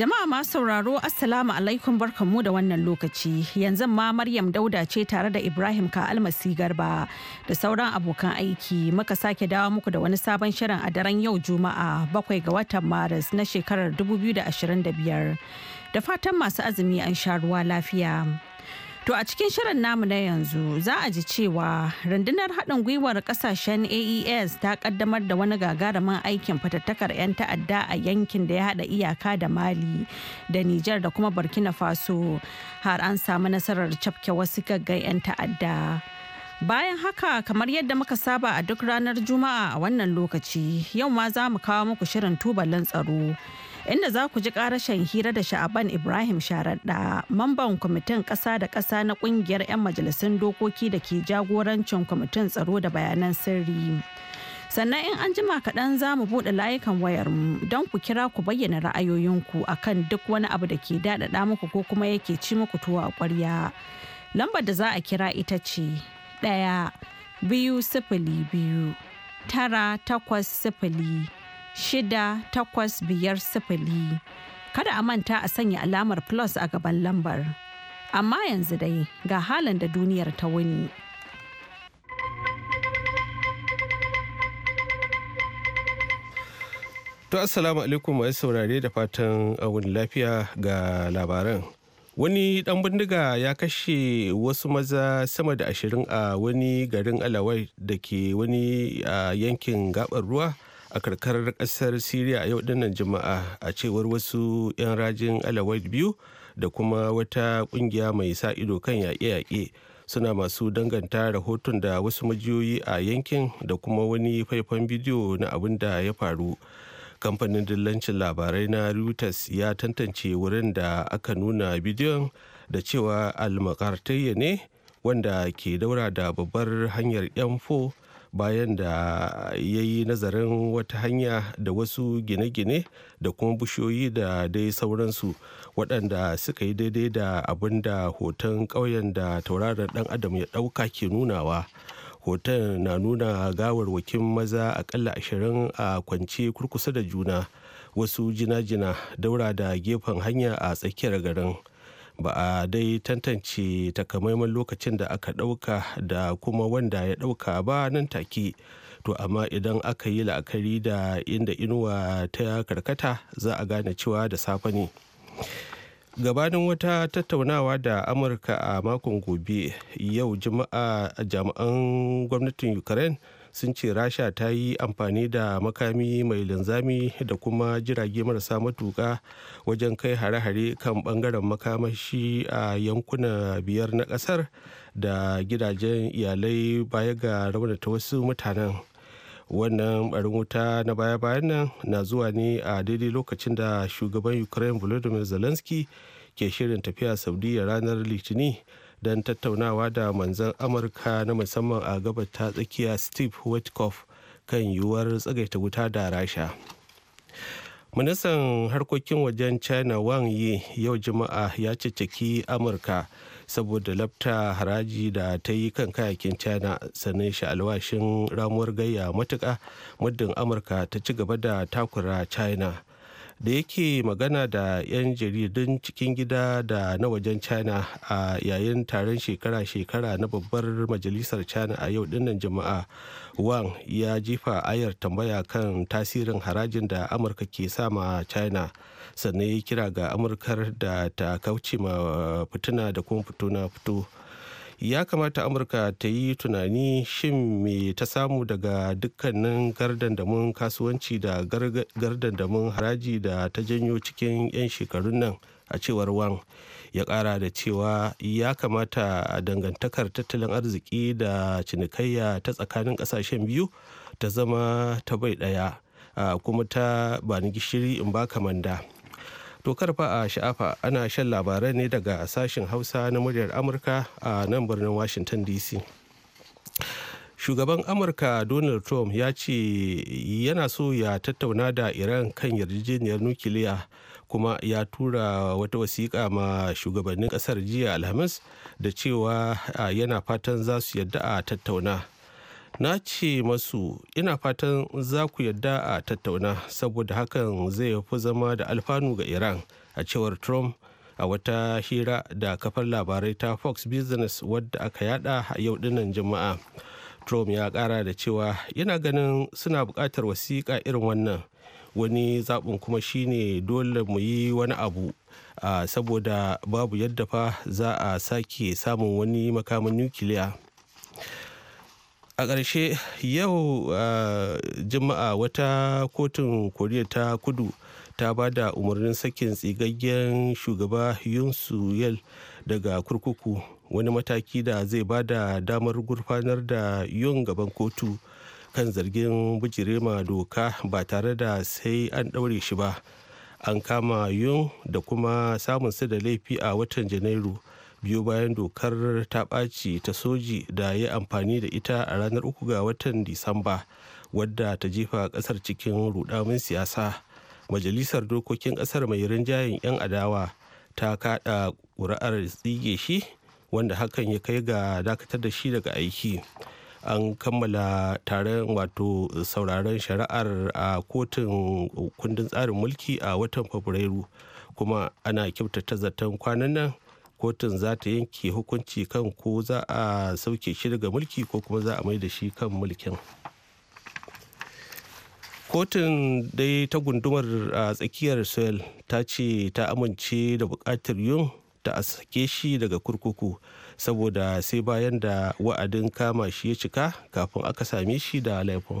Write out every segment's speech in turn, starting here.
Jama'a ma sauraro Assalamu alaikum barkanmu da wannan lokaci yanzu ma Maryam Dauda ce tare da Ibrahim Ka'almasi Garba da sauran abokan aiki muka sake dawo muku da wani sabon shirin a daren yau Juma'a bakwai ga watan Maris na shekarar 2025 da fatan masu azumi an sha ruwa lafiya. To a cikin shirin namu na yanzu za a ji cewa rundunar haɗin gwiwar ƙasashen AES ta ƙaddamar da wani gagarumin aikin fatattakar 'yan ta'adda a yankin da ya haɗa iyaka da Mali da Nijar da kuma Burkina Faso har an samu nasarar cafke wasu gaggai 'yan ta'adda. Bayan haka kamar yadda muka saba a duk ranar Juma'a a wannan lokaci yau ma za mu kawo muku shirin tubalin tsaro. inda za ku ji karashen hira da sha'aban ibrahim sharaɗa mamban kwamitin ƙasa da ƙasa na ƙungiyar 'yan majalisun dokoki da ke jagorancin kwamitin tsaro da bayanan sirri sannan in an jima kaɗan za mu buɗe layukan wayar mu don ku kira ku bayyana ra'ayoyinku akan duk wani abu da ke daɗaɗa muku ko kuma yake ci muku tuwo a ƙwarya lambar da za a kira ita ce ɗaya biyu sifili biyu tara takwas sifili shida biyar sifili kada a manta a sanya alamar plus a gaban lambar amma yanzu dai ga halin da duniyar ta wuni to assalamu alaikum mai saurare da fatan wani lafiya ga labaran wani dan bindiga ya kashe wasu maza sama da ashirin a wani garin alawai da ke wani yankin gabar ruwa a karkarar kasar syria a yau dinnan juma'a a cewar wasu 'yan rajin alawar biyu da kuma wata kungiya mai sa ido kan yaƙe-yaƙe suna masu danganta rahoton da wasu majiyoyi a yankin da kuma wani faifan bidiyo na abin da ya faru kamfanin dillancin labarai na reuters ya tantance wurin da aka nuna bidiyon da cewa almakartayya ne wanda ke daura da babbar hanyar yanfo bayan da ya yi nazarin wata hanya da wasu gine-gine da kuma bishiyoyi da dai sauransu waɗanda suka yi daidai da abin da hoton ƙauyen da tauraron ɗan adam ya ɗauka ke nunawa hoton na nuna gawarwakin maza aƙalla ashirin a kwance kurkusa da juna wasu jina-jina daura da gefen hanya a tsakiyar garin ba a dai tantance takamaiman lokacin da aka ɗauka da kuma wanda ya ɗauka ba nan take to amma idan aka yi la'akari da inda inuwa ta karkata za a gane cewa da safe ne gabanin wata tattaunawa da amurka a makon gobe yau juma'a jami'an gwamnatin ukraine sun ce rasha ta yi amfani da makami mai linzami da kuma jirage marasa matuka wajen kai hare-hare kan bangaren makamashi a yankuna biyar na kasar da gidajen iyalai baya ga raunata wasu mutanen wannan barin wuta na baya-bayan nan na zuwa ne a daidai lokacin da shugaban ukraine volodymyr zelensky ke shirin tafiya saudiya ranar litini. don tattaunawa da manzan amurka na musamman a gabar ta tsakiya steve witkoff kan yiwuwar tsagaita wuta da rasha ministan harkokin wajen china wang yi yau juma'a ya cicciki amurka saboda lafta haraji da ta yi kan kayakin china sannan shi alwashin ramuwar gayya matuka muddin amurka ta ci gaba da takura china da yake magana da 'yan jaridun cikin gida da na wajen china a yayin taron shekara-shekara na babbar majalisar china a yau dinnan jama'a wang ya jefa ayar tambaya kan tasirin harajin da amurka ke sama china sannan ya kira ga amurkar da ta kauce ma fituna da kuma fito na fito ya kamata amurka ta yi tunani shin me ta samu daga dukkanin gardandamin kasuwanci da gardandamin haraji da ta janyo cikin 'yan shekarun nan a cewar wang ya kara da cewa ya kamata a dangantakar tattalin arziki da cinikayya ta tsakanin kasashen biyu ta zama ta bai daya kuma ta bani gishiri in ba kamanda. manda To karfa a sha'afa ana shan labarai ne daga sashen Hausa na muryar Amurka a nan birnin Washington DC. Shugaban Amurka Donald Trump ya ce yana so ya tattauna da Iran kan yarjejeniyar nukiliya kuma ya tura wata wasiƙa ma shugabannin ƙasar jiya Alhamis da cewa yana fatan za su yadda a tattauna. na ce masu ina fatan za ku yadda a tattauna saboda hakan zai fi zama da alfanu ga iran a cewar trump a wata hira da kafar labarai ta fox business wadda aka yada a yau dinnan jama'a trump ya kara da cewa yana ganin suna buƙatar wasiƙa irin wannan wani zaɓin kuma shine dole mu yi wani abu saboda babu yadda fa za a sake samun wani makamin nukiliya. a ƙarshe yau eh, juma'a wata kotun koriya ta kudu ta ba da umarnin sakin tsigaggen shugaba yun yel daga kurkuku wani mataki da zai ba da damar gurfanar da yun gaban kotu kan zargin bijirema doka ba tare da sai an ɗaure shi ba an kama yun da kuma samun su da laifi a watan janairu biyo bayan dokar ta ɓaci ta soji da ya amfani da ita a ranar uku ga watan disamba wadda ta jefa ƙasar cikin rudamin siyasa majalisar dokokin ƙasar mai rinjayen 'yan adawa ta kaɗa ƙuri'ar tsige shi wanda hakan ya kai ga dakatar da shi daga aiki an kammala taron wato sauraron shari'ar a kotun kundin tsarin mulki a watan fabrairu kuma ana kyautata zaton kwanan nan kotun za ta yanke hukunci kan ko za a sauke shi daga mulki ko kuma za a mai da shi kan mulkin kotun dai ta gundumar a tsakiyar soil ta ce ta amince da bukatar yun ta a sake shi daga kurkuku saboda sai bayan da wa'adin kama shi ya cika kafin aka same shi da laifin.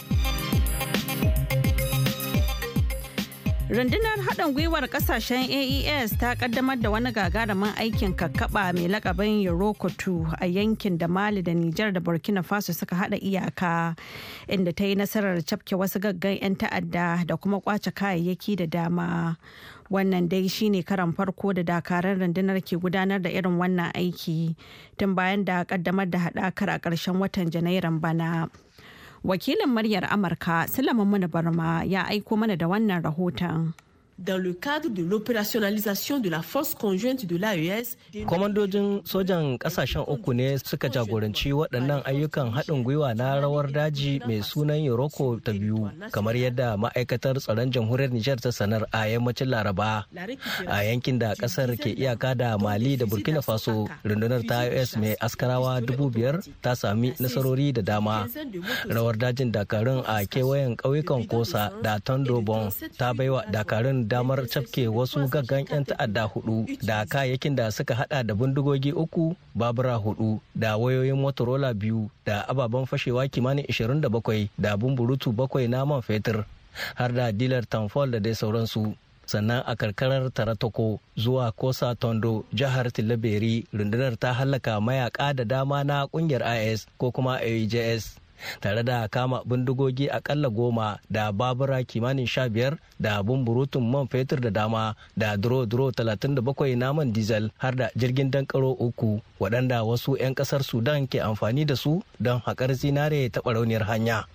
rundunar haɗin gwiwar ƙasashen aes ta ƙaddamar da wani gagarumin aikin kakkaɓa mai lakabin yorokotu a yankin da mali da nijar da burkina faso suka haɗa iyaka inda ta yi nasarar cafke wasu gaggan 'yan ta'adda da kuma kwace kayayyaki da dama wannan dai shi ne karan farko da dakarar rundunar ke gudanar da irin wannan aiki tun bayan da ƙaddamar da haɗakar a ƙarshen watan janairun bana. Wakilin muryar Amurka Sulaiman mana Barma ya aiko mana da wannan rahoton. dans le cadre de l'opérationnalisation de la force conjointe de l'AES. Kwamandojin sojan kasashen uku ne suka jagoranci waɗannan ayyukan haɗin gwiwa na rawar daji mai sunan Yoroko ta biyu kamar yadda ma'aikatar tsaron jamhuriyar Nijar ta sanar a yammacin Laraba a yankin da ƙasar ke iyaka da Mali da Burkina Faso rundunar ta AES mai askarawa dubu biyar ta sami nasarori da dama. Rawar dajin dakarun a kewayen ƙauyukan Kosa da Tondobon ta baiwa dakarun damar cafke wasu gaggan 'yan ta'adda hudu da kayayyakin da suka hada da bindigogi uku babura hudu da wayoyin motorola biyu da ababen fashewa kimanin 27 da bumburutu bakwai na man fetur har da dilar tamfol da dai sauransu sannan a karkarar taratoko zuwa kosa tondo jihar tilaberi rundunar ta hallaka mayaka da dama na kungiyar is ko kuma aijs tare da kama bindigogi akalla goma da babura kimanin sha biyar da bumburutun man fetur da dama da duro-duro da bakwai naman diesel har da jirgin dankaro uku waɗanda wasu 'yan ƙasar sudan ke amfani da su don haƙar zinare ta ɓarauniyar hanya.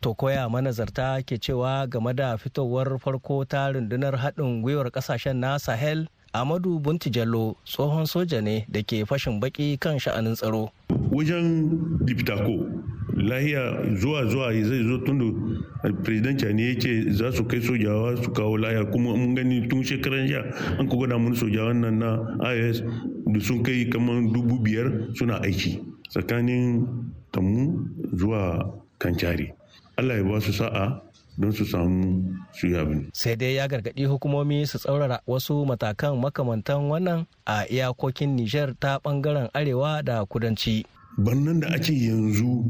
To koya manazarta ke cewa game da fitowar farko ta rundunar haɗin gwiwar ƙasashen na Sahel amadu buntijallo tsohon soja ne da ke fashin baki kan sha'anin tsaro wajen diptako lahiya zuwa zuwa zai zo tun da president ne yake za su kai sojawa su kawo lahiya kuma mun gani tun shekaran jiya an ka gwada mun sojawan nan na is da sun kai kamar dubu biyar suna aiki tsakanin tamu zuwa kancari allah ya ba su sa'a don su samu su yi abin. Sai dai ya gargaɗi hukumomi su tsaurara wasu matakan makamantan wannan a iyakokin Nijar ta bangaren arewa da kudanci. Bannan da ake yanzu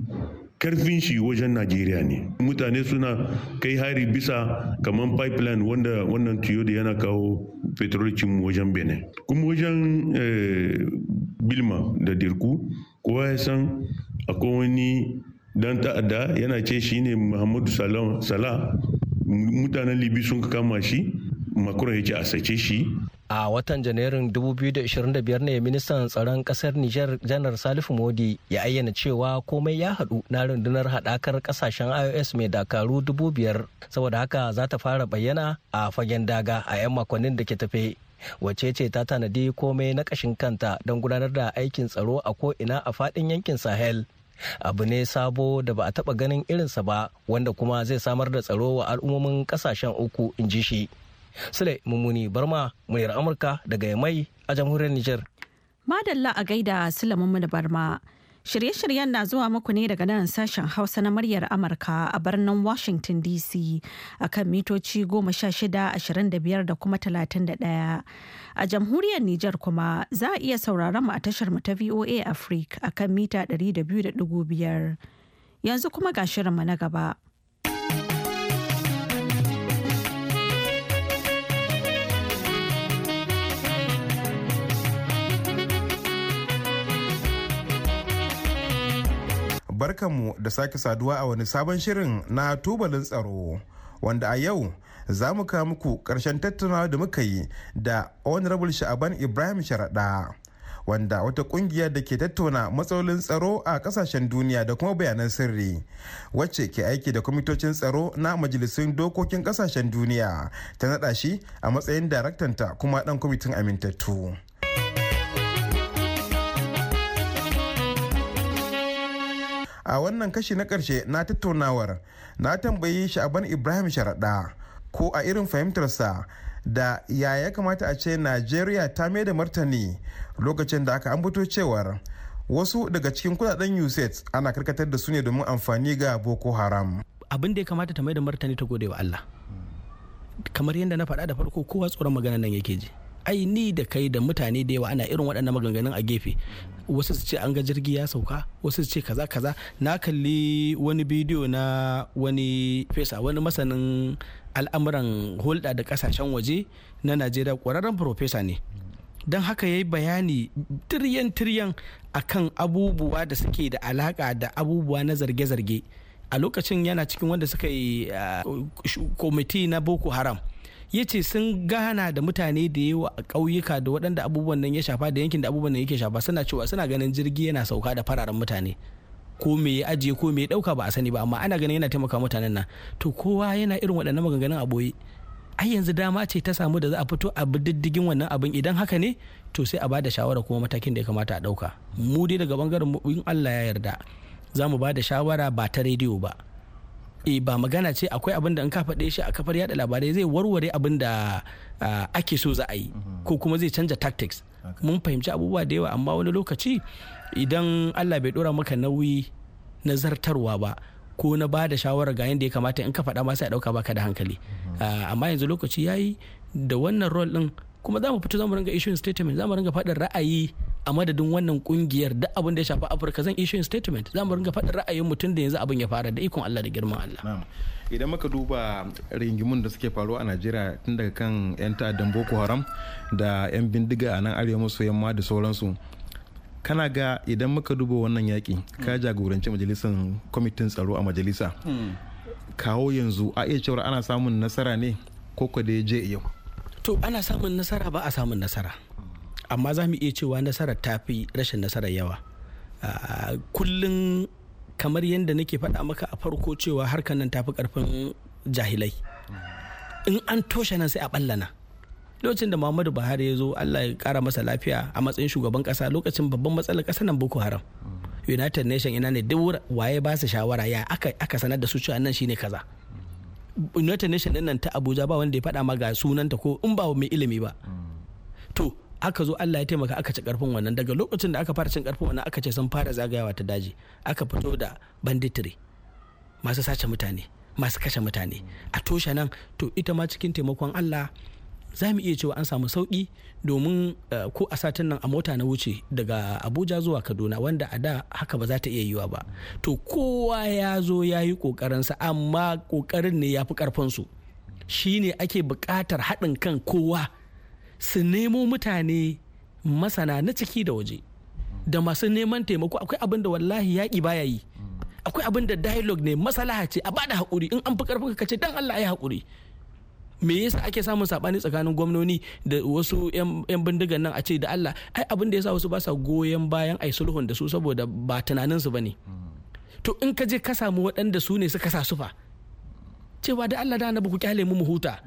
karfin shi wajen Najeriya ne. Mutane suna kai hari bisa kamar pipeline wanda wannan tiyo da yana kawo petrolicinmu wajen Benin. Kuma wajen eh, Bilma da Dirku, kowa ya san akwai wani don ta'adda yana ce shi ne muhammadu sala mutanen libi sun kama shi makura yake a sace shi a watan janairun 2025 ne ministan tsaron kasar niger janar salifu modi ya ayyana cewa komai ya hadu na rundunar hadakar kasashen ios mai dakaru 5,000 saboda haka za ta fara bayyana a fagen daga a 'yan makonnin da ke tafe wace ce ta tanadi komai na kashin kanta don gudanar da aikin tsaro a ko'ina a faɗin yankin sahel abu ne sabo da ba a taba ganin irinsa ba wanda kuma zai samar da tsaro wa al'ummomin kasashen uku in ji shi sule mummuni barma muryar amurka daga mai a jamhuriyar niger madalla a gaida sule mummuni barma Shirye-shiryen na zuwa muku ne daga nan sashen Hausa na muryar Amurka a birnin Washington DC a kan mitoci 16-25 da kuma 31. A jamhuriyar Nijar kuma za a iya sauraron mu a tashar mu ta VOA Africa a kan mita 200.5. Yanzu kuma ga shirinmu na gaba. barkanmu da sake saduwa a wani sabon shirin na tubalin tsaro wanda a yau za mu kawo muku ƙarshen tattaunawa da muka yi da honorable sha'aban ibrahim sharaɗa wanda wata ƙungiyar da ke tattauna matsalolin tsaro a ƙasashen duniya da kuma bayanan sirri wacce ke aiki da kwamitocin tsaro na majalisun dokokin ƙasashen duniya ta naɗa shi a matsayin daraktanta kuma ɗan kwamitin amintattu. a wannan kashi na karshe na tattaunawar na tambayi sha'aban ibrahim sharaɗa ko a irin fahimtarsa da ya ya kamata a ce najeriya ta mai da martani lokacin da aka an ambato cewar wasu daga cikin kudaden usaid ana karkatar da su ne domin amfani ga boko haram abin da ya kamata ta mai da martani ta gode wa allah kamar yadda na faɗa da farko kowa tsoron magana nan yake ji ai ni da kai da mutane da yawa ana irin waɗannan maganganun a gefe wasu su ce an ga jirgi ya sauka wasu su ce kaza kaza na kalli wani bidiyo na wani fesa wani masanin al'amuran hulɗa da kasashen waje na najeriya ƙwararren profesa ne don haka ya yi bayani tiryan-tiryan akan abubuwa da suke da alaƙa da abubuwa na zarge-zarge a lokacin yana cikin wanda suka yi ah, kwamiti na boko haram ya ce sun gana da mutane da yawa a ƙauyuka da waɗanda abubuwan nan ya shafa da yankin da abubuwan nan yake shafa suna cewa suna ganin jirgi yana sauka da fararen mutane ko me ya ajiye ko me ya ɗauka ba a sani ba amma ana ganin yana taimaka mutanen nan to kowa yana irin waɗannan maganganun a ɓoye ai yanzu dama ce ta samu da za a fito a diddigin wannan abin idan haka ne to sai a ba da shawara kuma matakin da ya kamata a ɗauka mu dai daga bangaren mu in Allah ya yarda za mu ba da shawara ba ta rediyo ba e ba magana ce akwai abin da in ka faɗe shi a kafar yada labarai zai warware abin da ake so za a yi mhm. ko kuma zai canja tactics mun fahimci abubuwa da yawa amma wani lokaci idan allah bai dora maka nauyi na zartarwa ba ko na ba da shawarar ga yadda ya kamata in ka faɗa ma sai a ɗauka baka da hankali mhm. amma yanzu lokaci ya yi da wannan rol ɗin kuma za mu fito za mu ringa issuing statement za mu ringa faɗin ra'ayi a madadin wannan kungiyar da abin da ya shafi afirka zan issue statement za mu ringa faɗin ra'ayin mutum da yanzu abin ya fara da ikon allah da girman allah idan muka duba ringimun da suke faruwa a najeriya tun daga kan 'yan ta'addan boko haram da 'yan bindiga a nan arewa maso yamma da sauransu kana ga idan muka duba wannan yaƙi ka hmm. jagoranci majalisar kwamitin tsaro a majalisa hmm. kawo yanzu a iya cewar ana samun nasara ne ko da je yau to ana samun nasara ba a samun nasara amma za mu iya cewa nasarar ta fi rashin nasarar yawa kullum kamar yadda nake faɗa maka a farko cewa harkar nan tafi karfin jahilai in an toshe nan sai a ɓallana lokacin da muhammadu buhari ya zo allah ya kara masa lafiya a matsayin shugaban kasa lokacin babban matsalar kasa nan boko haram united nation ina ne duk waye ba su shawara ya aka sanar da su cewa nan shine kaza united nation din nan ta abuja ba wanda ya faɗa ma ga sunanta ko in ba mai ilimi ba to aka zo Allah ya taimaka aka ci karfin wannan daga lokacin da aka fara cin karfin wannan aka ce sun fara zagayawa ta daji aka fito da banditiri masu sace mutane masu kashe mutane a toshe nan to ita ma cikin taimakon Allah za mu iya cewa an samu sauki domin eh, ko a satin nan a mota na wuce daga abuja zuwa kaduna wanda a da haka ba za ta iya yiwa ba to kowa ya zo ya yi kokarinsa amma kokarin ne ya fi karfinsu shi ne ake buƙatar haɗin kan kowa su nemo mutane masana na ciki da waje da masu neman taimako akwai abin da wallahi yaƙi baya yi akwai abin da dialogue ne masalaha ce a bada haƙuri in an fi ka ce dan Allah ya haƙuri me yasa ake samun sabani tsakanin gwamnoni da wasu 'yan bindigan nan a ce da Allah ai abin da yasa wasu ba sa goyon bayan ai sulhun da su saboda ba tunanin su bane to in ka je ka samu waɗanda su ne suka sa sufa cewa da Allah da annabi ku kyale mu mu huta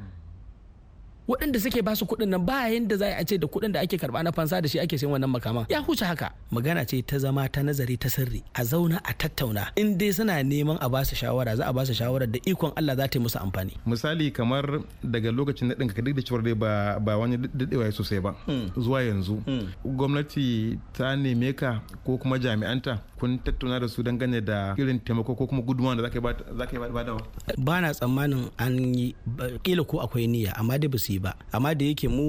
waɗanda suke ba su kuɗin nan ba yanda za a ce da kuɗin da ake karɓa na fansa da shi ake sayan wannan makaman ya huce haka magana ce ta zama ta nazari ta sirri a zauna a tattauna in dai suna neman a basu shawara za a ba su shawara da ikon Allah za ta yi musu amfani misali kamar daga lokacin daɗin ka duk da cewar dai ba ba wani daɗewa sosai ba hmm. zuwa yanzu hmm. gwamnati ta neme ka ko kuma jami'anta kun tattauna da su dangane da irin taimako ko kuma gudunmawa da za ka yi da ba na tsammanin an yi kila ko akwai niyya amma dai ba su yi ba amma da yake mu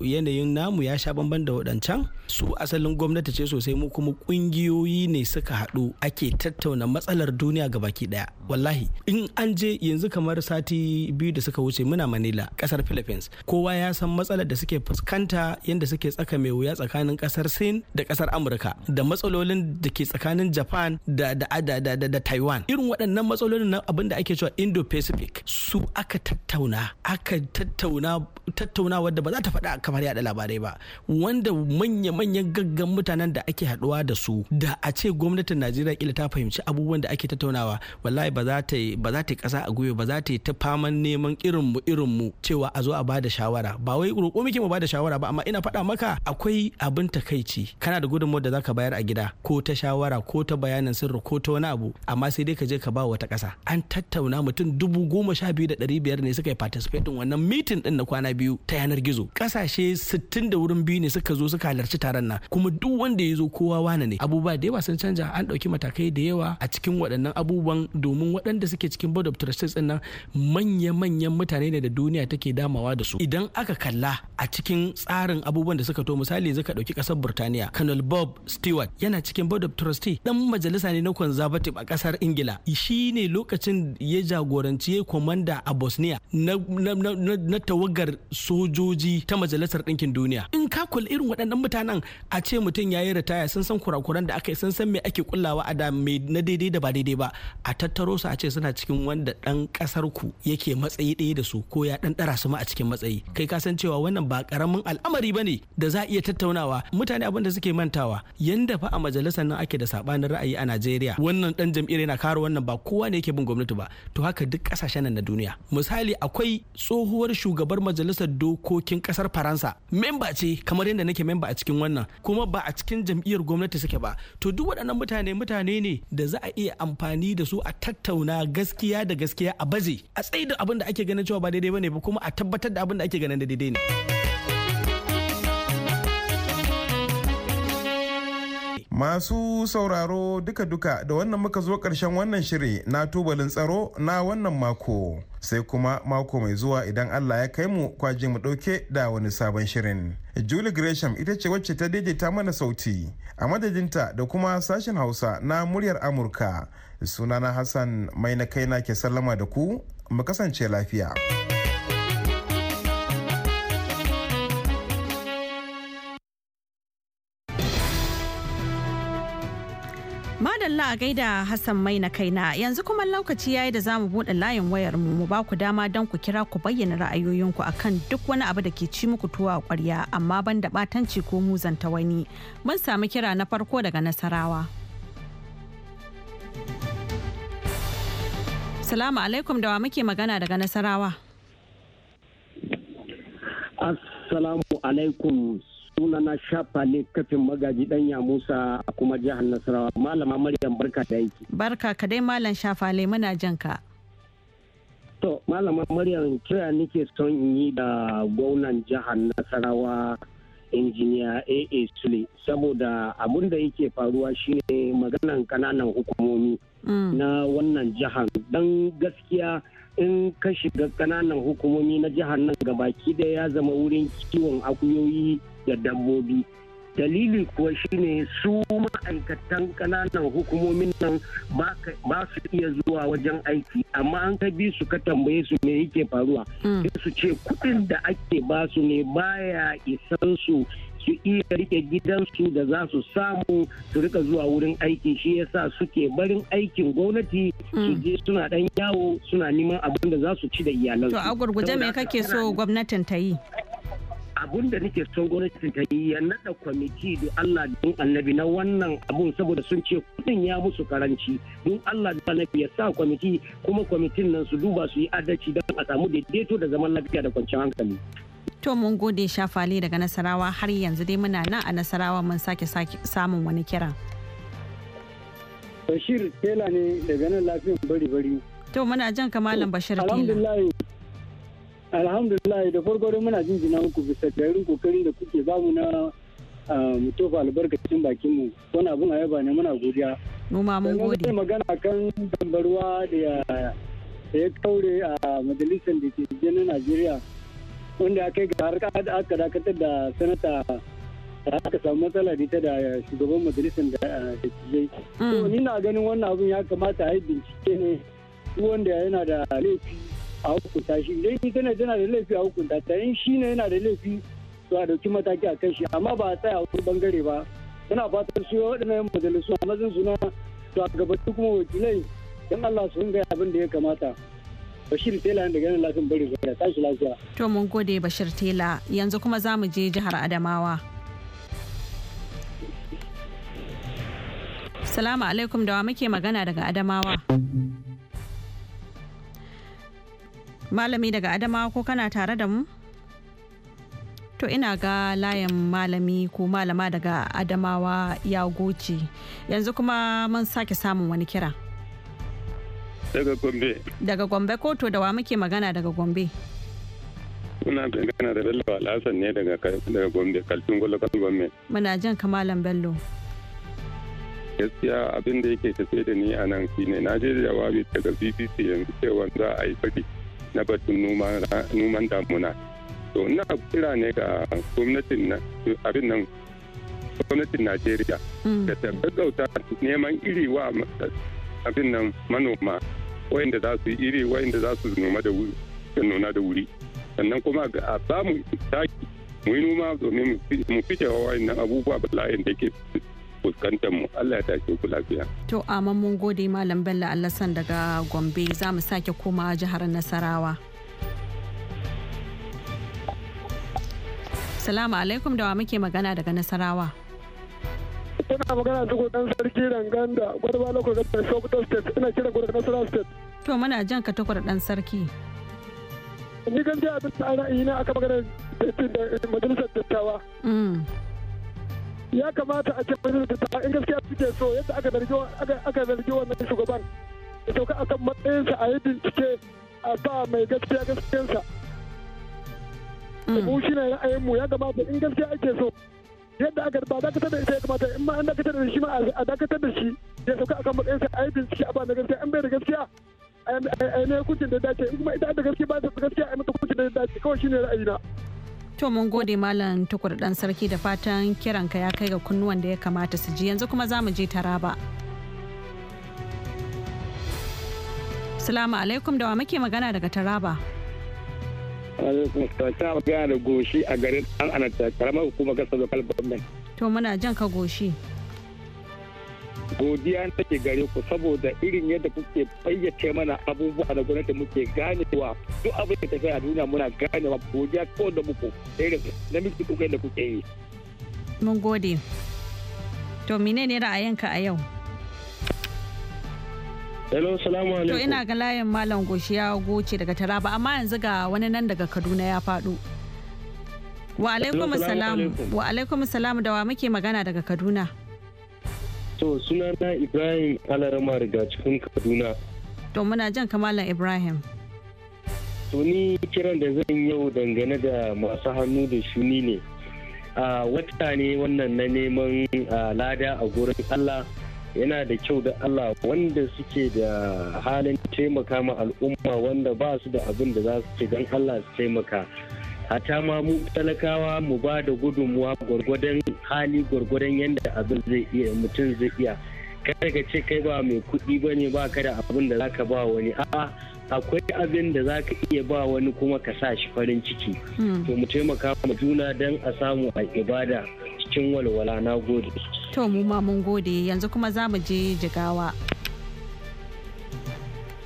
yanayin namu ya sha bamban da waɗancan su asalin gwamnati ce sosai mu kuma ƙungiyoyi ne suka haɗu ake tattauna matsalar duniya ga baki ɗaya wallahi in an je yanzu kamar sati biyu da suka wuce muna manila ƙasar philippines kowa ya san matsalar da suke fuskanta yadda suke tsaka mai wuya tsakanin ƙasar sin da ƙasar amurka da matsalolin da ke tsakanin tsakanin japan da da da da, da, da taiwan irin waɗannan matsalolin na abin da ake cewa indo-pacific su aka tattauna aka tattauna tattauna wadda ba za ta faɗa kamar yaɗa labarai ba wanda manya-manyan gaggan mutanen da ake haɗuwa da su da a ce gwamnatin najeriya kila ta fahimci abubuwan da ake tattaunawa wallahi ba za ta yi ba za ta yi ƙasa a gwiwa ba za ta yi ta faman neman irin mu irin mu cewa a zo a ba da shawara ba wai roƙo muke mu bada shawara ba amma ina faɗa maka akwai abin takaici kana da gudunmawar da zaka bayar a gida ko ta shawara ko ta bayanin sirri ko ta wani abu amma sai dai ka je ka ba wata ƙasa an tattauna mutum dubu goma sha biyu da ɗari biyar ne suka yi participate wannan mitin ɗin na kwana biyu ta yanar gizo kasashe sittin da wurin biyu ne suka zo suka halarci taron nan kuma duk wanda ya zo kowa wane ne abubuwa da yawa sun canja an ɗauki matakai da yawa a cikin waɗannan abubuwan domin waɗanda suke cikin board of trustees ɗin nan manya-manyan mutane ne da duniya take damawa da su idan aka kalla a cikin tsarin abubuwan da suka to misali zaka ɗauki ƙasar burtaniya colonel bob stewart yana cikin board of trustees Conte dan majalisa ne na Conservative a kasar Ingila shi ne lokacin ya jagoranci ya komanda a Bosnia na, tawagar sojoji ta majalisar ɗinkin duniya in ka kula irin waɗannan mutanen a ce mutum ya yi ritaya sun san kurakuran da aka yi sun san me ake kullawa a da na daidai da ba daidai ba a tattaro su a ce suna cikin wanda ɗan ƙasar ku yake matsayi ɗaya da su ko ya ɗan ɗara su ma a cikin matsayi kai ka san cewa wannan ba ƙaramin al'amari ba ne da za a iya tattaunawa mutane abin da suke mantawa yanda fa a majalisar nan ake da sa. sabanin ra'ayi a Najeriya wannan dan jam'iyyar yana kare wannan ba kowa ne yake bin gwamnati ba to haka duk kasashen nan na duniya misali akwai tsohuwar shugabar majalisar dokokin kasar Faransa memba ce kamar yadda nake memba a cikin wannan kuma ba a cikin jam'iyyar gwamnati suke ba to duk waɗannan mutane mutane ne da za a iya amfani da su a tattauna gaskiya da gaskiya a baje a da abin da ake ganin cewa ba daidai bane ba kuma a tabbatar da abin da ake ganin da daidai ne. Masu sauraro duka-duka da wannan muka zo ƙarshen wannan shiri na tubalin tsaro na wannan mako. Sai kuma mako mai zuwa idan Allah ya kai mu kwaji mu ɗauke da wani sabon shirin. Julie Gresham ita ce wacce ta daidaita mana sauti a madadinta da kuma sashen Hausa na muryar Amurka. Sunana Hassan mai na kaina ke sallama da ku, mu kasance lafiya. Madalla a gaida Hassan mai na kaina yanzu kuma lokaci yayi da zamu buɗe layin wayar mu mu ba ku dama don ku kira ku bayyana ra'ayoyinku akan duk wani abu da ke ci muku tuwa a ƙwarya amma banda da ɓatanci ko muzanta wani. Mun samu kira na farko daga Nasarawa. Salamu alaikum da wa muke magana daga Nasarawa. Assalamu alaikum suna na shafa ne kafin magaji ya musa a kuma jihar nasarawa malama maryam barka da aiki barka ka dai malam shafa le muna jan ka to malama maryam kira nike son in yi da gwamnan jihar nasarawa injiniya aa sule saboda abin da yake faruwa shine maganan kananan hukumomi Mm. na wannan jihar don gaskiya in ka shiga kananan hukumomi na jihar nan gabaki da ya zama wurin kiwon akuyoyi da dabbobi dalili kuwa shine su ma'aikatan kananan hukumomin nan ba su iya zuwa wajen aiki amma an ka bi su ka tambaye su me yake faruwa mm. sai su ce kudin da ake ba su ne baya isan su su iya rike gidansu da za su samu su rika zuwa wurin aiki shi yasa suke barin aikin gwamnati su hmm. je suna dan yawo suna neman abin da za su ci da iyalansu. To a gurguje me kake so gwamnatin ta yi? abun da nake son gwamnatin ta yi ya nada kwamiti da Allah don annabi na wannan abun saboda sun ce kudin ya musu karanci don Allah da annabi ya sa kwamiti kuma kwamitin nan su duba su yi adalci don a samu daidaito da zaman lafiya da kwanciyar hankali. To mun gode shafali daga Nasarawa har yanzu dai muna nan a Nasarawa mun sake samun wani kira Bashir Tela ne daga nan lafiyan bari-bari. To muna jan kamalan Bashir Tela. Alhamdulillah. da farko dai muna jinjina muku bisa garin kokarin da kuke bamu na ah, tofa albarkacin bakinmu mu. Wani abun ayaba ne muna godiya. Noma mun gode. sai magana kan dambarwa da ya kaure a majalisar da ke na Najeriya. wanda ya kai ga har aka dakatar da sanata da aka samu matsala da ita da shugaban majalisar da ya eh, dattijai. Hmm. To ni na ganin wannan abun ya kamata a yi bincike ne wanda yana da laifi a hukunta shi idan ni tana tana da laifi a hukunta ta in shi ne yana da laifi to a dauki mataki a kan shi amma ba a tsaya a wani bangare ba tana fatan su waɗannan majalisu a mazin suna to a gabatar kuma wakilai don Allah su ringa abin da ya kamata. Bashir Tela ganin lafin bari tashi lafiya. To mun gode Bashir Tela yanzu kuma za mu je jihar Adamawa. Salamu alaikum da wa muke magana daga Adamawa. Malami daga Adamawa ko kana tare da mu? To ina ga layin malami ko malama daga Adamawa ya goce. Yanzu kuma mun sake samun wani kira. Daga Gombe. Daga Gombe ko to da wa muke magana daga Gombe? Muna magana da Bello Alhassan ne daga Gombe, Kaltun Golokan Gombe. Muna jan kamalan Bello. Gaskiya abin da yake tafe da ni a nan shine na je jawabi daga BBC yanzu cewa za a yi fari na batun numan damuna. To ina kira ne ga gwamnatin abin nan gwamnatin Najeriya mm. da ta gaggauta neman iri wa abin nan manoma wayanda za su iri wayanda za su noma da wuri da nuna da wuri sannan kuma a samu taki mu yi noma domin mu fice wa wayannan abubuwa bala'in da ke fuskantar mu Allah ya tashi ku lafiya to amma mun gode malam Bello Allasan daga Gombe za mu sake koma jihar Nasarawa Salamu alaikum da wa muke magana daga Nasarawa Kuna magana tuku dan sarki Ranganda, Gwadaba Local da Sokoto State, ina kira Gwadaba Nasarawa State. To muna jan ka tukur dan sarki. Ni kan ji abin da ra'ayina aka magana da majalisar dattawa. Mm. Ya kamata a ce majalisar dattawa in gaskiya suke so yadda aka zargi wannan shugaban. Ya sauka akan matsayinsa a yi bincike a ba mai gaskiya gaskiyansa. Mm. Mu shi ne ra'ayinmu ya kamata in gaskiya ake so yadda aka ba dakatar da ita ya kamata in ma an dakatar da shi ma a dakatar da shi ya sauka akan matsayin sa a yi bincike a ba da gaskiya an bai da gaskiya a ne hukuncin da dace in kuma ita da gaskiya ba ta gaskiya a yi mata hukuncin da dace kawai shine ra'ayina. To mun gode Malam Tukur dan sarki da fatan kiranka ya kai ga kunnuwan da ya kamata su ji yanzu kuma za mu je Taraba. Assalamu alaikum da wa muke magana daga Taraba. alaikum ta magana goshi a garin an anata karamar hukumar gasar local government to muna jan ka goshi godiya take gare ku saboda irin yadda kuke fayyace mana abubuwa da gwamnati muke ganewa duk abin da tafiya a duniya muna ganewa godiya ko da muku irin na miki kuka da kuke yi mun gode to menene ra'ayinka a yau Hello, salamu alaikum. To ina ga layin Malam Goshi ya goce daga Taraba amma yanzu ga wani nan daga Kaduna ya faɗo. Wa alaikum salamu. Wa alaikum salamu da wa muke magana daga Kaduna. To sunana Ibrahim Alarama daga cikin Kaduna. To muna jan kamalan Ibrahim. To ni kiran da zan yau dangane da masu hannu da shuni ne. wata ne wannan na neman lada a gurin Allah yana da kyau da Allah wanda suke da halin taimaka ma al'umma wanda ba su da abin da za su ce don Allah su taimaka hata ma mu talakawa mu ba da gudunmuwa gwargwadon hali gwargwadon yadda abin zai iya mutum zai iya kada ka ce kai ba mai kuɗi ba ne ba ka da abin da zaka ba wani a'a akwai abin da zaka iya ba wani kuma ka sa shi farin ciki hmm. to mu taimaka ma juna don a samu a ibada cikin walwala na gode To mu ma mun gode yanzu kuma za mu je jigawa.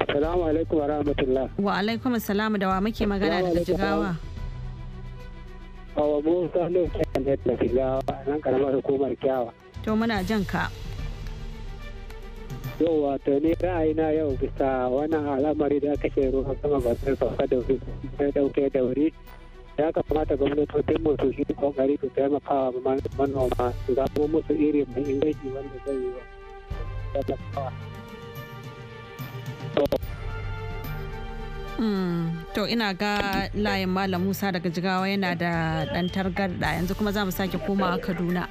Salamu alaikum wa rahmatullah. Wa alaikum salamu da wa muke magana daga jigawa. Awa Musa Nuhu Kyan da Jigawa nan karamar hukumar kyawa. To muna jan ka. yau wato ne ra'ayina yau bisa wannan al'amari da aka ce sama ba sai sauka da wuri da dauke da wuri ya kamata gwamnatocin mu su shi kokari su taimaka wa manoma su zaɓo musu iri mai inganci wanda zai yi wa hmm, To ina ga layin Malam Musa daga Jigawa yana da ɗan targarɗa yanzu kuma za mu sake komawa Kaduna.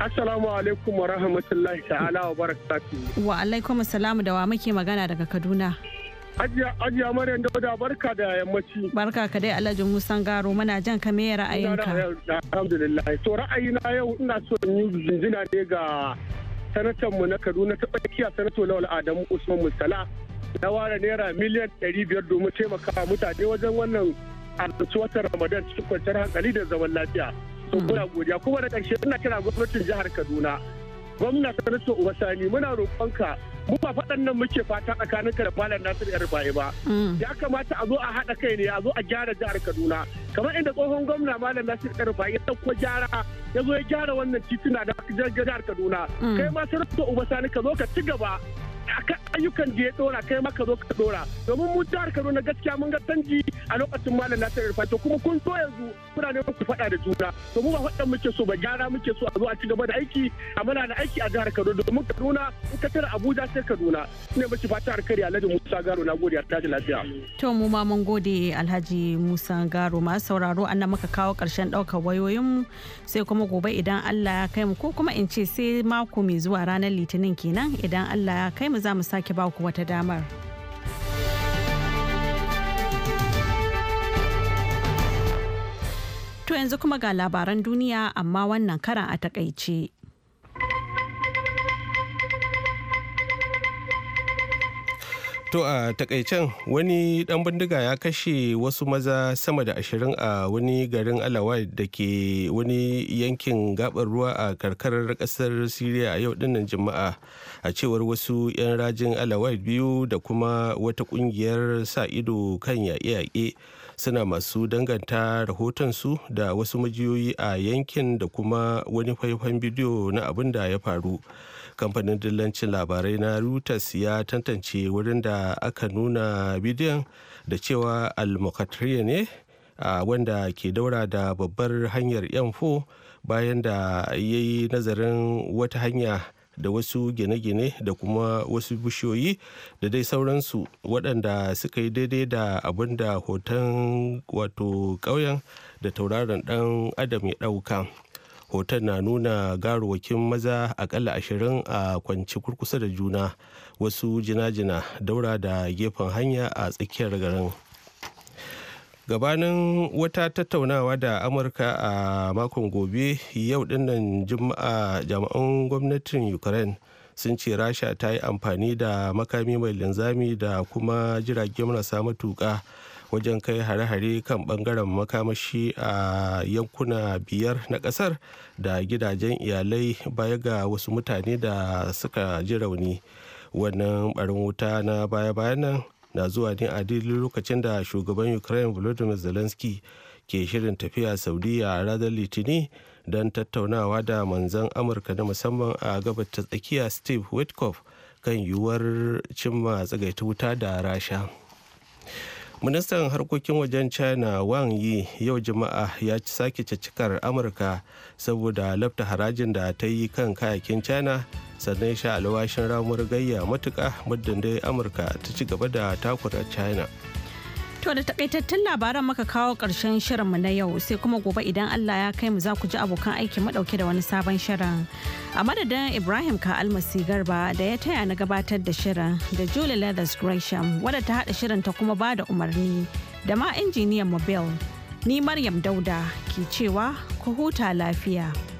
Assalamu alaikum wa rahmatullahi ta'ala wa barakatuhu. Wa alaikum assalamu da wa muke magana daga Kaduna. Ajiya Maryam Dauda barka da yammaci. Barka ka dai Alhaji Musan Garo mana jan ka me ra'ayinka. Alhamdulillah. To ra'ayina yau ina so in yi jinjina ne ga sanatan mu na Kaduna ta tsakiya sanato Lawal Adamu Usman Mustala. Na ware naira miliyan ɗari biyar domin taimaka mutane wajen wannan albarci watan Ramadan cikin kwanciyar hankali da zaman lafiya. To kuna mm. godiya kuma da ƙarshe ina kira gwamnatin jihar Kaduna. Gwamna sanato Uba Sani muna roƙonka mu ba faɗan nan muke fata tsakanin ka da nasiru Nasir Yarbaye ba mm. ya kamata a zo a haɗa kai ne a zo a gyara jihar Kaduna kamar inda tsohon gwamna Malam Nasir Yarbaye ya dauko gyara ya zo ya gyara wannan tituna da jihar Kaduna mm. kai ma sai Uba Sani ka zo ka ci gaba aka ayyukan da ya dora kai maka zo ka dora domin mu jihar Kaduna gaskiya mun ga canji a lokacin malam Nasir Rufai to kuma kun so yanzu kuna ne ku faɗa da juna to mu ba faɗan muke so ba gyara muke so a zo a ci gaba da aiki a muna da aiki a jihar Kaduna domin Kaduna in ka tara Abuja sai Kaduna ne muke fata alkhairi Alhaji Musa Garo na gode a tashi lafiya to mu ma mun gode Alhaji Musa Garo ma sauraro annan muka kawo karshen daukar wayoyin mu sai kuma gobe idan Allah ya kai mu ko kuma in ce sai mako mai zuwa ranar Litinin kenan idan Allah ya kai mu za mu sake ba ku wata damar. To yanzu kuma ga labaran duniya amma wannan karan a takaice. To a takaicen wani dan bindiga ya kashe wasu maza sama da ashirin a wani garin Alawa da ke wani yankin gabar ruwa a karkarar kasar Siriya a yau dinnan Juma'a a cewar wasu 'yan rajin Alawa biyu da kuma wata kungiyar sa ido kan yaƙe-yaƙe suna masu danganta rahotonsu da wasu majiyoyi a yankin da kuma wani faifan bidiyo na abin da ya faru. kamfanin dillancin labarai na reuters ya tantance wurin da aka nuna bidiyon da cewa al ne a wanda ke daura da babbar hanyar yanfo bayan da ya yi nazarin wata hanya da wasu gine-gine da kuma wasu bishiyoyi da dai sauransu waɗanda suka yi daidai da abin da hoton wato ƙauyen da tauraron ɗan adam ya ɗauka. hoton na nuna garuwakin maza akalla ashirin a kwanci kurkusa da juna wasu jina-jina daura da gefen hanya a tsakiyar garin gabanin wata tattaunawa da amurka a makon gobe yau dinnan juma'a jami'an gwamnatin ukraine sun ce rasha ta yi amfani da makami mai linzami da kuma jiragen marasa matuka. wajen kai hare-hare kan bangaren makamashi a yankuna biyar na kasar da gidajen iyalai baya ga wasu mutane da suka ji rauni wannan barin wuta na baya-bayan nan na zuwa ne a dalilin lokacin da shugaban ukraine volodymyr zelensky ke shirin tafiya saudiya ranar litini don tattaunawa da manzan amurka na musamman a gabar ta tsakiya steve witkoff kan yiwuwar cimma tsagaita wuta da rasha ministan harkokin wajen china wang yi yau juma'a ya sake cicikar amurka saboda lafta harajin da ta yi kan kayakin china sannan sha alwashin ramuwar gayya matuka muddin dai amurka ta ci gaba da takura china To da takaitattun labaran muka kawo ƙarshen shirinmu na yau sai kuma gobe idan Allah ya kai mu za ku ji abokan aiki madauke da wani sabon shirin. A madadin Ibrahim ka almasi garba da ya taya na gabatar da shirin da Julie Leathers Gresham wadda ta haɗa shirin ta kuma ba da umarni da ma injiniyan Mobile. Ni Maryam Dauda ke cewa ku huta lafiya.